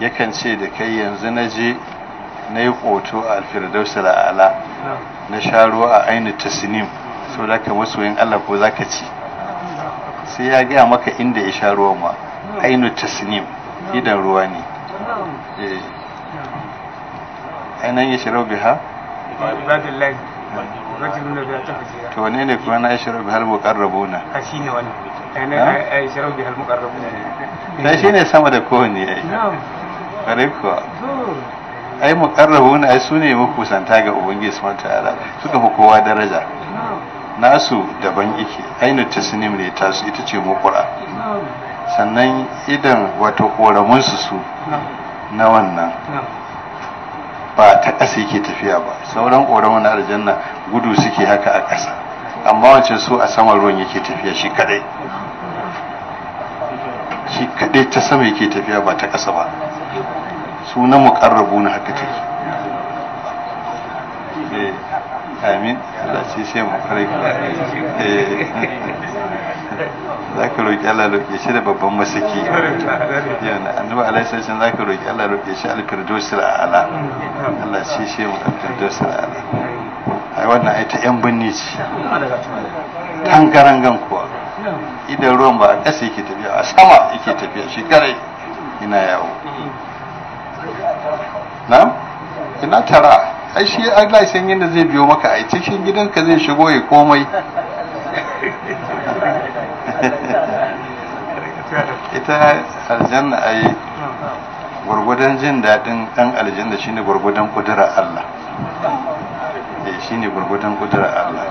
yakan ce da kai yanzu na je na yi ƙoto a alfirdausa ala na sha ruwa a aini tasinim so da ka yin Allah ko za ka ci sai ya gaya maka inda ya sha ma aini tasinim idan ruwa ne eh. ainihin ya biha rajulun to ne ne kuma na yashrabu hal muqarrabuna a shine wannan ana yashrabu hal muqarrabuna dan shine sama da kowanne ai na'am kare ko ai muqarrabuna ai sune makusanta ga ubangiji subhanahu ta'ala suka fi kowa daraja nasu daban yake ainu tasnim ne su ita ce mukura sannan idan wato koramunsu su na wannan ba ta ƙasa yake tafiya ba sauran ƙoron na aljanna gudu suke haka a ƙasa amma wancan so a saman ruwan yake tafiya shi kadai shi kadai ta sama yake tafiya ba ta ƙasa ba su na muƙarrabu na haka take amin Allah shi sai mu kare eh. za ka roƙi Allah roƙe shi da babban masaki yana annabi alaihi sallam za ka roƙi Allah roƙe shi alfirdausul ala. Allah shi shi mu alfirdausul ala. ai wannan ai ta yan binni ce tangarangan kuwa idan ruwan ba a ƙasa yake tafiya a sama yake tafiya shi kare ina yawo na ina tara ai shi Allah san yadda zai biyo maka ai cikin gidanka zai shigo ya komai ita aljanna ai gwargwadon jin daɗin ɗan aljanna shine gwargwadon kudura Allah eh shine gwargwadon kudura Allah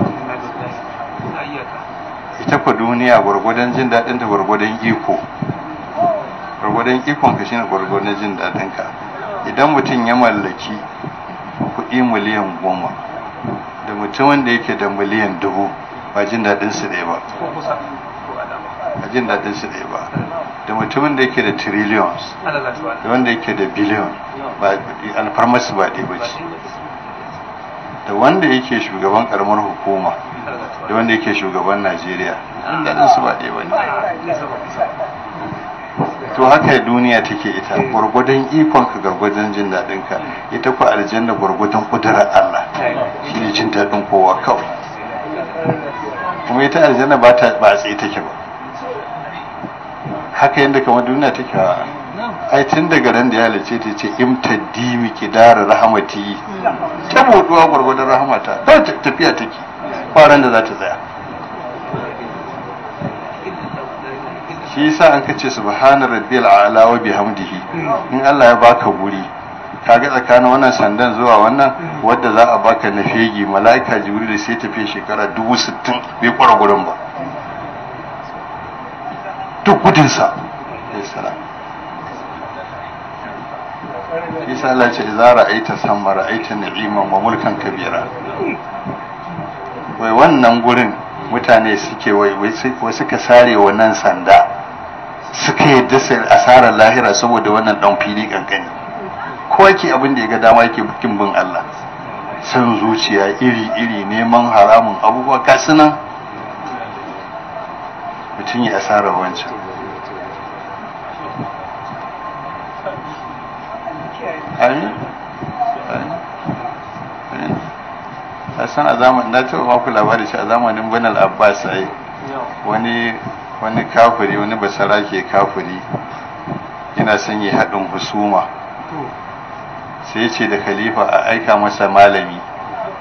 ita ku duniya gwargwadon jin daɗin da gwargwadon iko gwargwadon ikon ka shine gwargwadon jin daɗinka. ka idan mutum ya mallaki kuɗi miliyan goma da mutumin da yake da miliyan dubu ba jin daɗin su ɗaya ba ba jin daɗin su ɗaya ba da mutumin da yake da trillions da wanda yake da biliyon ba alfarmasu ba ɗaya ba ce da wanda yake shugaban karamar hukuma da wanda yake shugaban najeriya daɗin su ba ɗaya ba ne to haka duniya take ita eh. gurgudun ikon ka gurgudun jin daɗin ka hmm. ita ku aljanna gurgudun kudurar Allah hmm. shi ne jin daɗin kowa kawai kuma ita aljanna ba ta ba tsaye take ba haka yadda kamar duniya take ba hmm. ai tun daga ran da ya halice ta ce imtaddi ki dara rahamati ta buɗuwa gurgudun rahamata ba tafiya take ba ran da za ta tsaya shi yasa an kace subhana rabbil a'la wa bihamdihi in Allah ya baka ka kaga tsakanin wannan sandan zuwa wannan wadda za a baka na fegi mala'ika jibril sai tafi shekara dubu sittin bai kwara gurin ba duk gudunsa shi sa Allah ce za ra'aita sama ra'aita na'iman wa mulkan kabira wai wannan gurin mutane suke wai suka sare wannan sanda suka yadda sai asarar lahira saboda wannan dan fili kankani kowa ke abin da ya ga dama yake bukin bin Allah san zuciya iri iri neman haramun abubuwa nan. mutum ya asarar wancan a san a zamanin na taɓa maku labari shi a zamanin banal abbas sai wani wani kafiri wani basara ke kafiri yana son yi haɗin husuma sai ce da khalifa a aika masa malami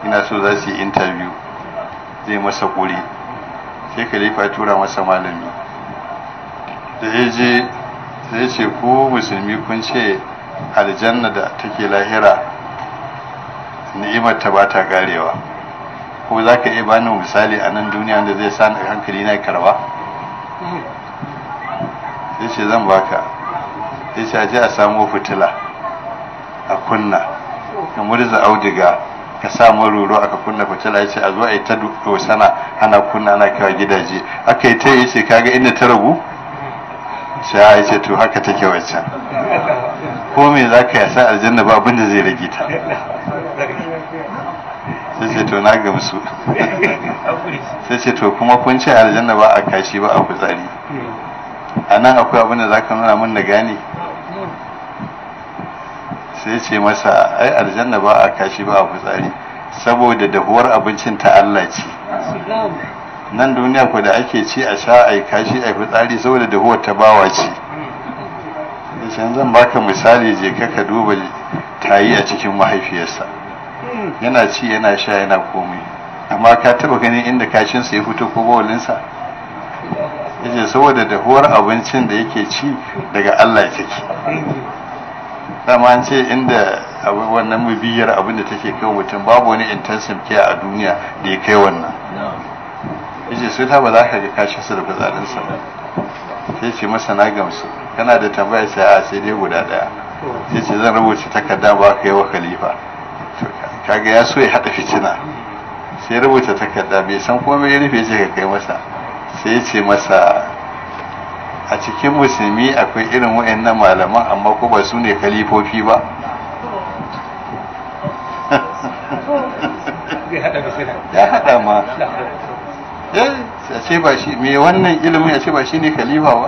ina so za su yi interview zai masa ƙuri sai khalifa tura masa malami da ya je sai ce ko musulmi kun ce aljanna da take lahira ni'imar ta ba ta karewa ko za ka iya bani misali a nan duniya da zai sa hankali na karba ya ce zan baka ya ce aje a samo fitila a kunna ka murza auduga ka sa maroro aka kunna fitila ya ce a zo a yi ta ana kunna ana kawo gidaje aka yi ta yi ce kaga inda ta ragu sai ya ce to haka take wancan ko me za ka yasa aljanna ba abin da zai rage ta sai ce to na gamsu sai ce to kuma kun ce aljanna ba a kashi ba a fitsari a nan akwai abin da za ka nuna min na gane sai ce masa ai aljanna ba a kashi ba a fitsari saboda dahuwar abincin ta Allah ce nan duniya ku da ake ci a sha a kashi a fitsari saboda dahuwar ta bawa ce zan baka misali je ka duba tayi a cikin mahaifiyarsa yana ci yana sha yana komai amma ka taba ganin inda kashin sa ya fito ko bawalinsa yace saboda dahuwar abincin da yake ci daga Allah take dama an ce inda wannan mabiyar abin da take kai mutum babu wani intensive care a duniya da ya kai wannan yace sai ta ba za ka ga sa da bazarin ba sai ce masa na gamsu kana da tambaya sai a sai dai guda daya sai ce zan rubuta takarda ba ka yi wa khalifa kaga ya so ya haɗa fitina sai rubuta takarda bai san komai ya rufe ce ka kai masa sai ce masa a cikin musulmi akwai irin waɗannan malaman amma ko ba su ne kalifofi ba ya haɗa ma eh, a ce ba shi mai wannan ilimin a ce ba shi ne kalifa ba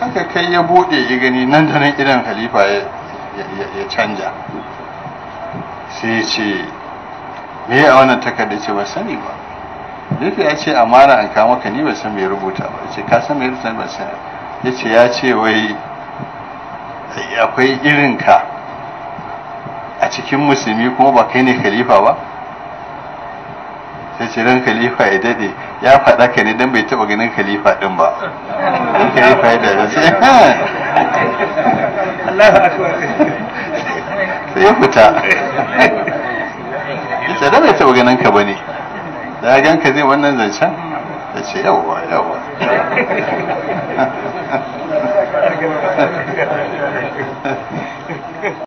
haka kai ya buɗe ya gani nan da nan idan khalifa ya ya canja sai ce me a wannan takarda ce ba sani ba yake ya ce amana an kama ka ni ba san mai rubuta ba ce ka san mai rubuta ba san ya ce ya ce wai akwai irinka a cikin musulmi kuma ba kai ne khalifa ba ya ce ran khalifa ya dade ya faɗa ka ne dan bai taɓa ganin khalifa din ba ran khalifa ya dade sai sai ya fita ce da bai taɓa ganin ka ba ne da gan ka zai wannan zancen ya ce yawwa yawwa